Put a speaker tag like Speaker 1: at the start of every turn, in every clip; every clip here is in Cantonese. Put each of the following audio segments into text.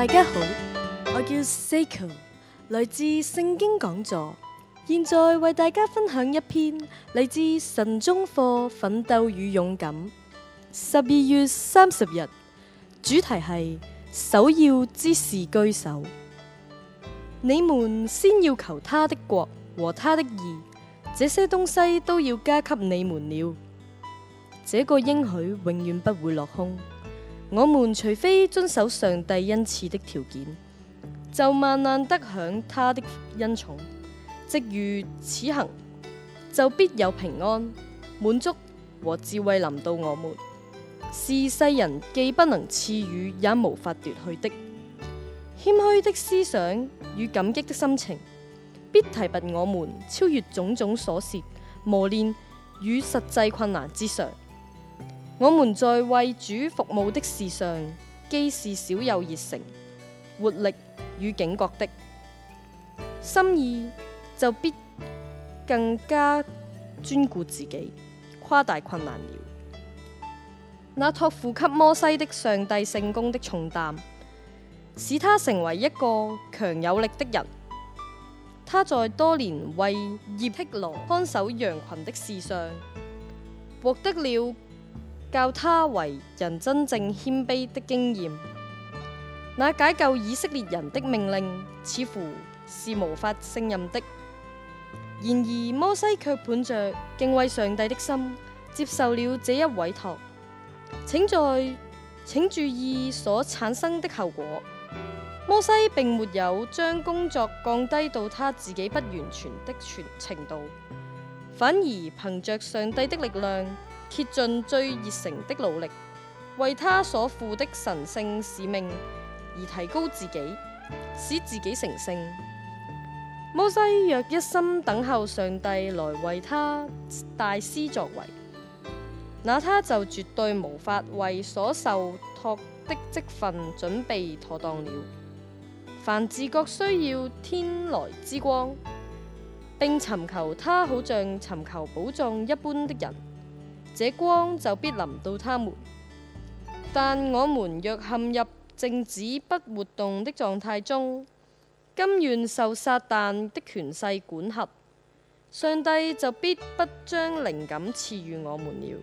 Speaker 1: 大家好，我叫 Sako，來自聖經講座，現在為大家分享一篇嚟自神中課《奮鬥與勇敢》。十二月三十日，主題係首要之事居首，你們先要求他的國和他的義，這些東西都要加給你們了。這個應許永遠不會落空。我們除非遵守上帝恩賜的條件，就萬難得享他的恩寵。即如此行，就必有平安、滿足和智慧臨到我們。是世，世人既不能賜予，也無法奪去的。謙虛的思想與感激的心情，必提拔我們超越種種瑣屑磨練與實際困難之上。我們在為主服務的事上，既是少有熱誠、活力與警覺的，心意就必更加專顧自己，誇大困難了。那托付給摩西的上帝聖工的重擔，使他成為一個強有力的人。他在多年為葉忒羅看守羊群的事上，獲得了。教他為人真正謙卑的經驗，那解救以色列人的命令，似乎是無法勝任的。然而摩西卻本着敬畏上帝的心，接受了這一委託。請在請注意所產生的後果。摩西並沒有將工作降低到他自己不完全的程度，反而憑着上帝的力量。竭盡最熱誠的努力，為他所負的神聖使命而提高自己，使自己成聖。摩西若一心等候上帝來為他大施作為，那他就絕對無法為所受託的職份準備妥當了。凡自覺需要天來之光，並尋求他好像尋求寶藏一般的人，這光就必臨到他們。但我們若陷入靜止不活動的狀態中，甘願受撒但的權勢管轄，上帝就必不將靈感賜予我們了。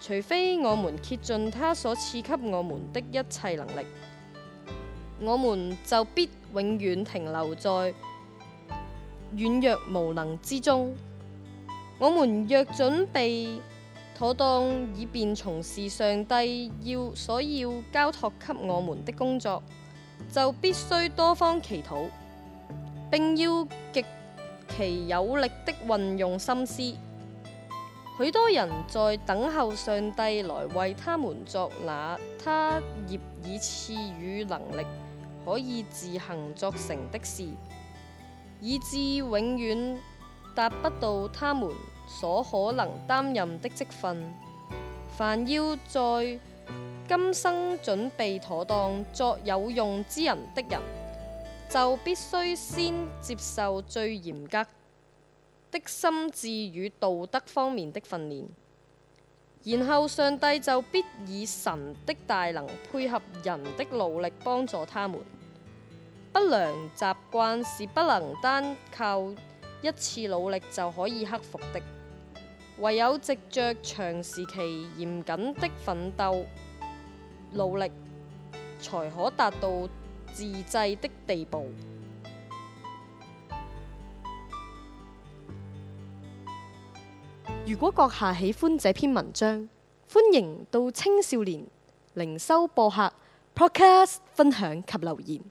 Speaker 1: 除非我們竭盡他所賜給我們的一切能力，我們就必永遠停留在軟弱無能之中。我們若準備妥當，以便從事上帝要所要交託給我們的工作，就必須多方祈禱，並要極其有力的運用心思。許多人在等候上帝來為他們作那他業已賜予能力可以自行做成的事，以致永遠達不到他們。所可能擔任的職份，凡要在今生準備妥當作有用之人的人，就必須先接受最嚴格的心智與道德方面的訓練，然後上帝就必以神的大能配合人的努力幫助他們。不良習慣是不能單靠一次努力就可以克服的。唯有藉着長時期嚴謹的奮鬥努力，才可達到自制的地步。如果閣下喜歡這篇文章，歡迎到青少年靈修博客 Podcast 分享及留言。